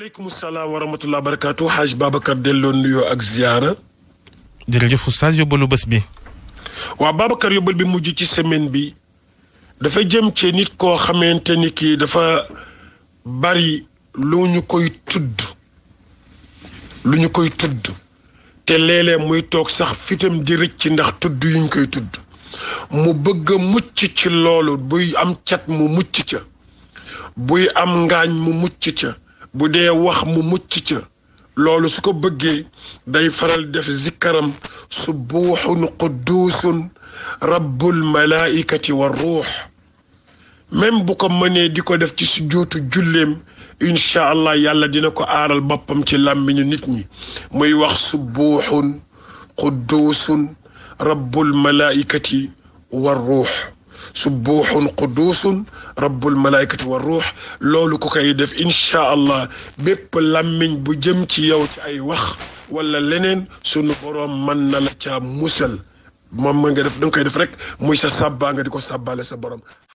waaleykum salaam wa rahmatulah barakaatu Haaj Babacar delloo nuyoo ak ziyaara. jërëjëf oustaz yóbbalu bés bi. waaw Babacar yóbbal bi mujj ci semaine bi dafa jëm ci nit koo xamante ni kii dafa bari lu ñu koy tudd lu ñu koy tudd te léeg muy toog sax fitam di rëcc ndax tudd yuñ koy tudd mu bëgg mucc ci loolu buy am cat mu mucc ca buy am ngaañ mu mucc ca bu dee wax mu mucc ca loolu su ko bëggee day faral def zikkaram subuuxun qudduusun rabbul malaikati wa ruux même bu ko mënee di ko def ci sujootu julleem incha allah yàlla dina ko aaral boppam ci làmmiñu nit ñi muy wax subuuxun qudduusun rabbul malaikati wa ruux سبوح قدوس رب الملائكة والروح لولو كوكاي ديف ان شاء الله بيب لامين بو جيم يو ياو سي اي واخ ولا لنين سونو بروم من لا تيا موسل مام nga def dang koy def rek muy sa sabba nga diko sabbale sa borom